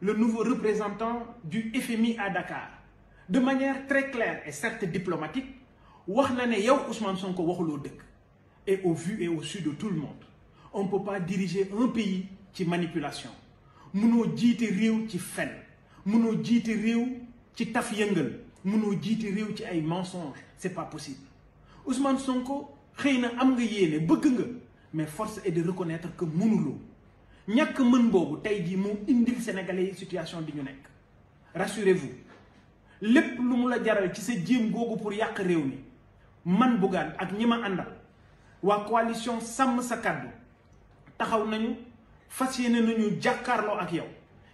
le nouveau représentant du FMI à Dakar de manière très claire et certes diplomatique wax na ne yow Ousmane Sonko waxuloo dëkk et au vu et au su de tout le monde on ne peut pas diriger un pays ci manipulation mënoo jiite réew ci fen mënoo jiite réew ci taf yëngal mënoo jiite réew ci ay mensonges c'est pas possible Ousmane Sonko xëy na am nga yéene bëgg nga mais force est de reconnaître que mënuloo ñàkk mën boobu tey jii moo indil sénégalais yi situation bi ñu nekk rassurez-vous lépp lu mu la jaral ci sa jéem googu pour yàq réew mi man Bougane ak ñi ma àndal waa coalition sàmm sa kàddu taxaw nañu fas yéene nañu jàkkaarloo ak yow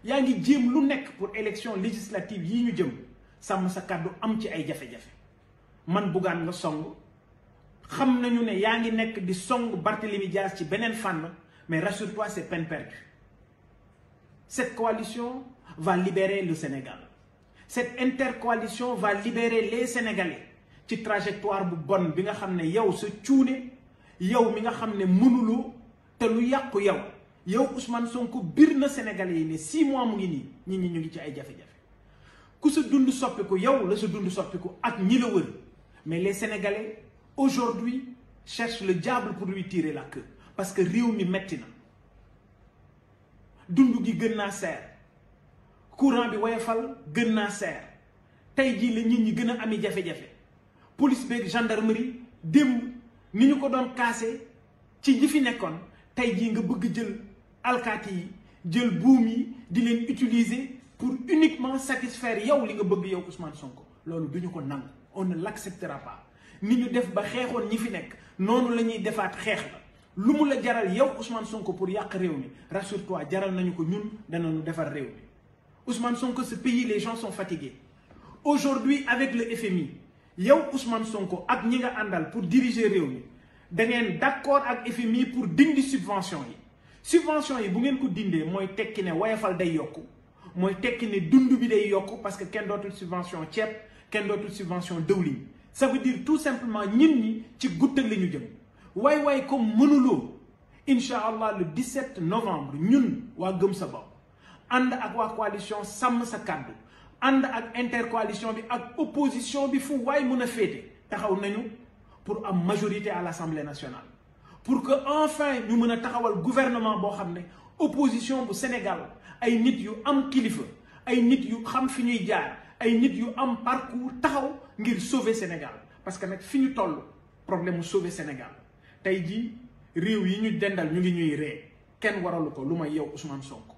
yaa ngi jéem lu nekk pour élection législative yi ñu jëm sàmm sa kàddu am ci ay jafe-jafe man Bougane la song xam nañu ne yaa ngi nekk di song Barthélémy jaas ci beneen fànn Mais rassure-toi, c'est peine perdue. Cette coalition va libérer le Sénégal. Cette intercoalition va libérer les Sénégalais ci trajectoire bu bon bi nga xam ne yow sa cuune yow mi nga xam ne mënuloo te lu yàqu yow yow Ousmane Sonko biir na Sénégalais yi ne six mois mu ngi nii nit ñi ñu ngi ci ay jafe-jafe ku sa dund soppiku yow la sa dund soppiku ak ñi la wër mais les Sénégalais aujourd'hui cherchent le diable pour lui la queue parce que réew mi metti na dund gi gën naa seer courant bi woyofal gën naa seer tey jii la nit ñi gën a ami jafe-jafe police beeg gendarmerie démb ni ñu ko doon kaase ci ñi fi nekkoon tey jii nga bëgg jël alkaati yi jël buum yi di leen utiliser pour uniquement satisfaire yow li nga bëgg yow Ousmane Sonko loolu du ko nangu on ne l'acceptera pas ni ñu def ba xeexoon ñi fi nekk noonu la ñuy defaat xeex la lu mu la jaral yow Ousmane Sonko pour yàq réew mi rassure-toi jaral nañu ko ñun danañu defar réew mi Ousmane Sonko ce pays les gens sont fatigués aujourd'hui avec le FMI yow Ousmane Sonko ak ñi nga àndal pour diriger réew mi dangeen ngeen d'accord ak FMI pour dindi subvention yi subvention yi bu ngeen ko dindee mooy tekki ne woyofal day yokk mooy tekki ne dund bi day yokk parce que kenn dootul subvention ceeb kenn dootul subvention dëwlin ça veut dire tout simplement ñin ñi ci gutt ak li ñu jëm waay waaye comme mënuloo incha allah le 17 novembre ñun waa gëm sa bopp ànd ak waa coalition sàmm sa kàddu ànd ak intercoalition bi ak opposition bi fu waay mun a féete taxaw nañu pour am majorité à l'Assemblée nationale pour que enfin ñu mën a taxawal gouvernement boo xam ne opposition bu Sénégal ay nit yu am kilifa ay nit yu xam fi ñuy jaar ay nit yu am parcours taxaw ngir sauver Sénégal parce que nag fi ñu toll problème mu sauver Sénégal tey jii réew yi ñu dendal ñu ngi ñuy ree kenn waralu ko lu may yow Ousmane Sonko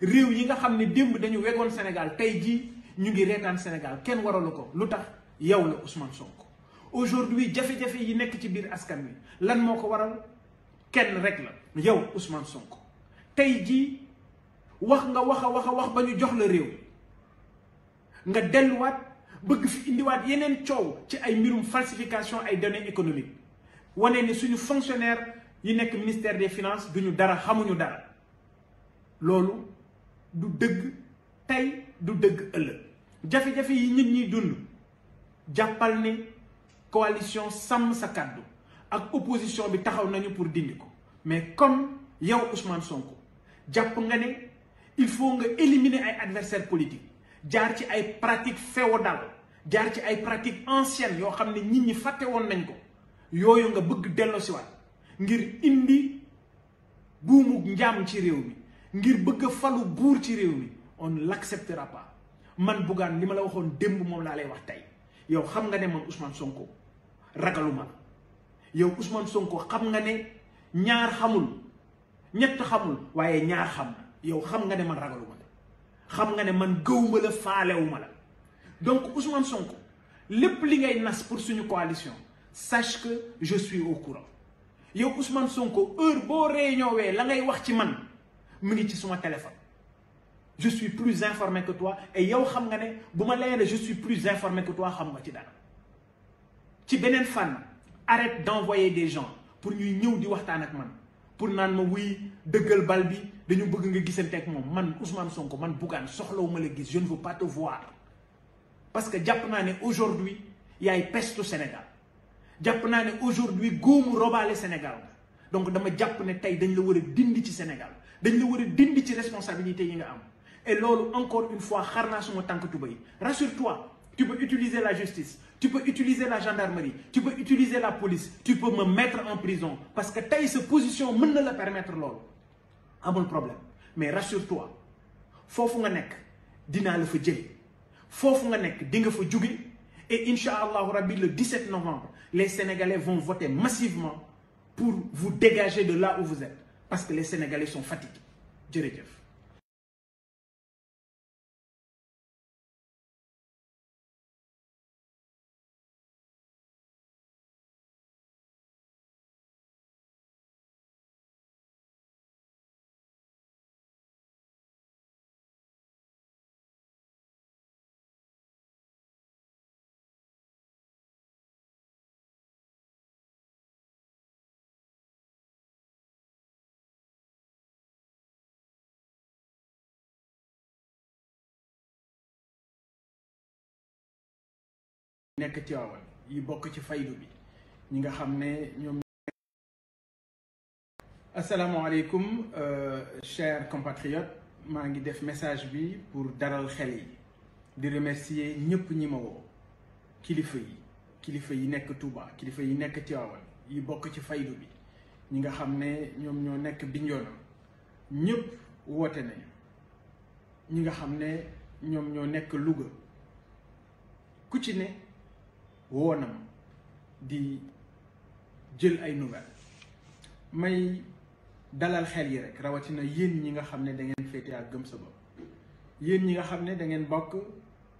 réew yi nga xam ne démb dañu wegoon Sénégal tey jii ñu ngi reetaan Sénégal kenn waralu ko lu tax yow la Ousmane Sonko aujourd'hui jafe-jafe yi nekk ci biir askan wi lan moo ko waral kenn rek la yow Ousmane Sonko tey jii wax nga wax a wax a wax ba ñu jox la réew nga delluwaat bëgg fi indiwaat yeneen coow ci ay mbirum falsification ay données économiques wane ni suñu fonctionnaire yi nekk ministère des finances duñu dara xamuñu dara loolu du dëgg tey du dëgg ëllëg jafe-jafe yi nit ñi dund jàppal ne coalition sàmm sa kàddu ak opposition bi taxaw nañu pour dindi ko mais comme yow Ousmane Sonko jàpp nga ne il faut nga éliminer ay adversaires politiques jaar ci ay pratiques féodales jaar ci ay pratiques anciennes yoo xam ne nit ñi fàtte woon nañ ko yooyu nga bëgg delloosiwaat ngir indi buumu njaam ci réew mi ngir bëgg a falu buur ci réew mi on l'acceptera pas man buggaan li ma la waxoon démb moom laa lay wax tey yow xam nga ne man Ousmane Sonko ragaluma la yow Ousmane Sonko xam nga ne ñaar xamul ñett xamul waaye ñaar xam yow xam nga ne man ragaluma la xam nga ne man gëwuma la faalewuma la donc Ousmane Sonko lépp li ngay nas pour suñu coalition sache que je suis au courant yow Ousmane Sonko heure boo réunion wee la ngay wax ci man mu ngi ci suma téléphone je suis plus informé que toi et yow xam nga ne bu ma layee je suis plus informé que toi xam nga ci dara ci beneen fànn arrête d'envoyer des gens pour ñuy ñëw di waxtaan ak man pour naan ma wuy dëggal bal bi dañu bëgg nga gisante ak moom man Ousmane Sonko man Bougane soxlawuma la gis je ne veux pas te voir parce que jàpp naa ne aujourd'hui yaay pestu Sénégal jàpp naa ne aujourd'hui góomu robaale Sénégal donc dama jàpp ne tey dañ la war a dindi ci Sénégal dañ la war a dindi ci responsabilité yi nga am et loolu encore une fois xar naa suma tànk tubay rassure-toi tu peux utiliser la justice tu peux utiliser la gendarmerie tu peux utiliser la police tu peux mettre en prison parce que tey sa position mën na la permettre loolu amul problème mais rassure-toi foofu nga nekk dinaa la fa jële foofu nga nekk di nga fa jóge Et Inch'Allah Rabbi, le 17 novembre, les Sénégalais vont voter massivement pour vous dégager de là où Parce que les Sénégalais sont fatigués. Dieu nekk Tiwaawan yi bokk ci faydu bi ñi nga xam ne ñoom asalaamaaleykum euh, chers compatriotes maa ngi def message bi pour daral xel yi di remercier ñëpp ñi ma kilifa kilifa yi nekk kilifa yi nekk Tiwaawan yi bokk ci faydu bi ñi nga xam ne ñoom ñoo nekk Bignona ñëpp woote nañu ñi nga xam ne ñoom ñoo nekk Louga ku ci ne woonam di jël ay nouvelles may dalal xel yi rek rawatina yéen ñi nga xam ne da ngeen féete ak gëm sa bopp yéen ñi nga xam ne da ngeen bokk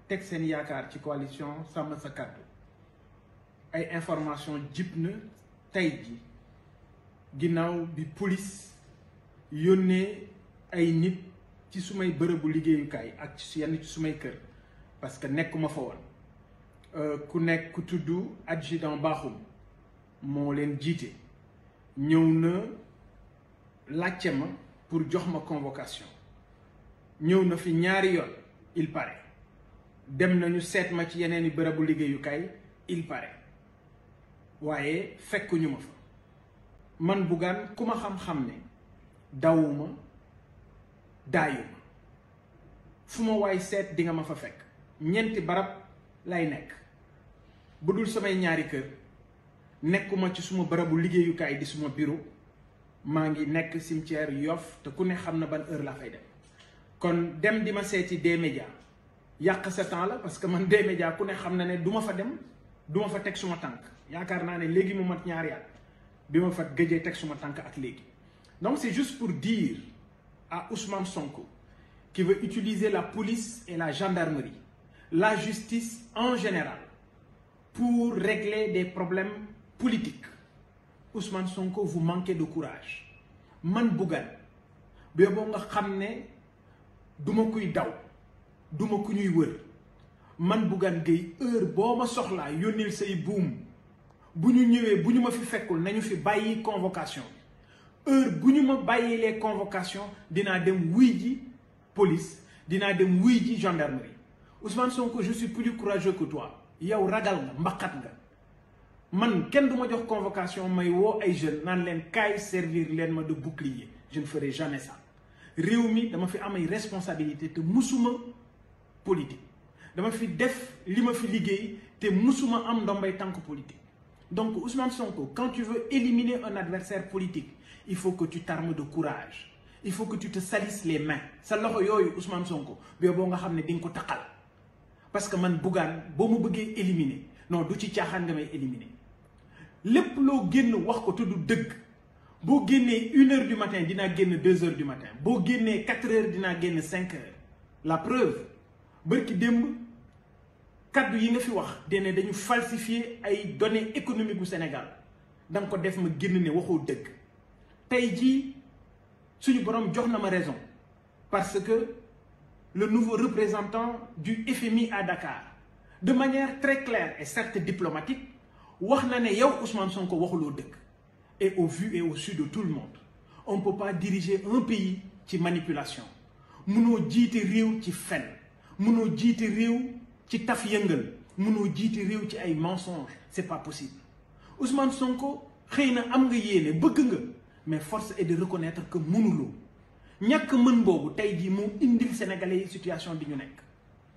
teg seen yaakaar ci coalition sàmm sa kàddu ay information jib na tey ji ginnaaw bi police yónnee ay nit ci sumay bërëbu liggéeyukaay ak yenn ci sumay kër parce que nekkuma fa woon Euh, ku nekk ku tuddu adjudant Bakhoum moo leen jiite ñëw na laajte ma pour jox ma convocation ñëw na fi ñaari yoon il paraît dem nañu seet ma ci yeneen i bërëbu liggéeyukaay il paraît waaye fekkuñu ma fa man Bougane ku ma xam-xam ne dawuma daayuma fu ma waay seet dinga ma fa fekk ñeenti barab lay nekk bu dul samay ñaari kër nekkuma ci suma barabu liggéeyukaay di suma bureau maa ngi nekk sim cimetière Yoff te ku ne xam na ban heure laa fay dem kon dem di ma seeti D-Media yàq sa temps la parce que man D-Media ku ne xam na ne duma fa dem du fa teg suma tànk yaakaar naa ne léegi mu mat ñaari bi ma fa gëjee teg suma tànk ak léegi donc c'est juste pour dire à Ousmane Sonko qui veut utiliser la police et la gendarmerie la justice en général pour régler des problèmes politique Ousmane Sonko vous manquez de courage man Bougane boo nga xam ne duma kuy daw duma ku ñuy wër man Bougane Gueye heure boo ma soxlaa yónnil say buum bu ñu ñëwee bu ñu ma fi fekkul nañu fi bàyyi convocation heure bu ñu ma bàyyilee convocation dinaa dem wuy ji police dinaa dem wuy ji gendarmerie Ousmane Sonko je suis plus courageux que yow ragal nga mbaqat nga man kenn duma jox convocation may woo ay jeunes naan leen kaay servir leen ma de bouclier jeune ne ferai jamais ça réew mi dama fi am ay responsabilité te musuma politique dama fi def li ma fi liggéey te musuma am ndombay tànk politique donc Ousmane Sonko quand tu veux éliminer un adversaire politique il faut que tu t'armes de courage il faut que tu te salisses les mains sa loxo yooyu Ousmane Sonko boo boo nga xam ne di ko taqal parce que man Bougane boo ma bëggee éliminer non du ci caaxaan nga may éliminer lépp loo génn wax ko tudd dëgg boo génnee une heure du matin dinaa génn deux heures du matin boo génnee quatre heures dinaa génn cinq heures la preuve bërki démb kaddu yi nga fi wax dene dañu falsifier ay données économiques bu Sénégal da ko def ma génn ne waxoo dëgg tey jii suñu borom jox na ma raison parce que le nouveau représentant du FMI à Dakar de manière très claire et certes diplomatique wax na ne yow Ousmane Sonko waxuloo dëkk et au vu et au su de tout le monde on peut pas diriger un pays ci manipulation mënoo jiite réew ci fen mënoo jiite réew ci taf yëngal mënoo jiite réew ci ay mensonges c'est pas possible Ousmane Sonko xëy na am nga yéene bëgg nga mais force est de reconnaître que mënuloo ñàkk mën boobu tey jii mu indil sénégalais yi situation bi ñu nekk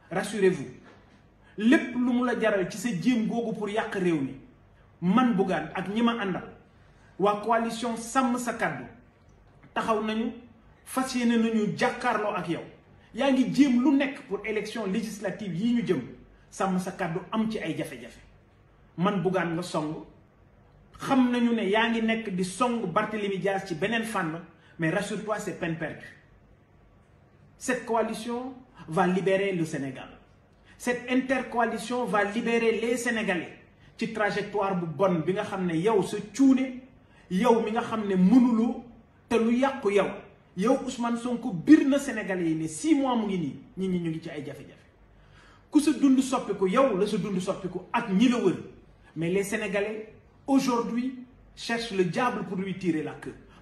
rassurez-vous lépp lu mu la jaral ci sa jéem googu pour yàq réew mi man Bougane ak ñi ma àndal waa coalition sàmm sa kàddu taxaw nañu fas yéene nañu jàkkaarloo ak yow yaa ngi jéem lu nekk pour élection législative yi ñu jëm sàmm sa kàddu am ci ay jafe-jafe man Bougane nga song xam nañu ne yaa ngi nekk di song Barthélémy Dias ci beneen fànn Mais rassure-toi, c'est peine perdue. Cette coalition va libérer le Sénégal. Cette intercoalition va libérer les Sénégalais ci trajectoire bu bon bi nga xam ne yow sa cuune yow mi nga xam ne mënuloo te lu yàqu yow yow Ousmane Sonko bir na Sénégalais yi ne six mois mu ngi nii nit ñi ñu ngi ci ay jafe-jafe ku sa dund soppiku yow la sa dund soppiku ak ñi la wër mais les Sénégalais aujourd'hui cherchent le diable pour lui tirer la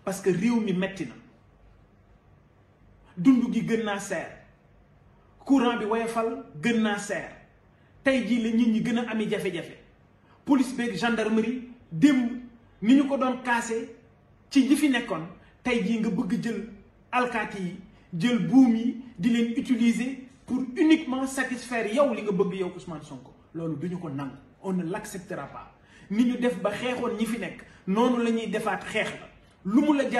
parce que réew mi metti na dund gi gën naa seer courant bi woyofal gën naa seer tey jii la nit ñi gën a ami jafe-jafe police beeg gendarmerie démb ni ñu ko doon kaase ci ñi fi nekkoon tey jii nga bëgg jël alkaati yi jël buum yi di leen utiliser pour uniquement satisfaire yow li nga bëgg yow Ousmane Sonko loolu du ñu ko nangu on ne l'acceptera pas ni ñu def ba xeexoon ñi fi nekk noonu lañuy defaat xeex la lu mu la jar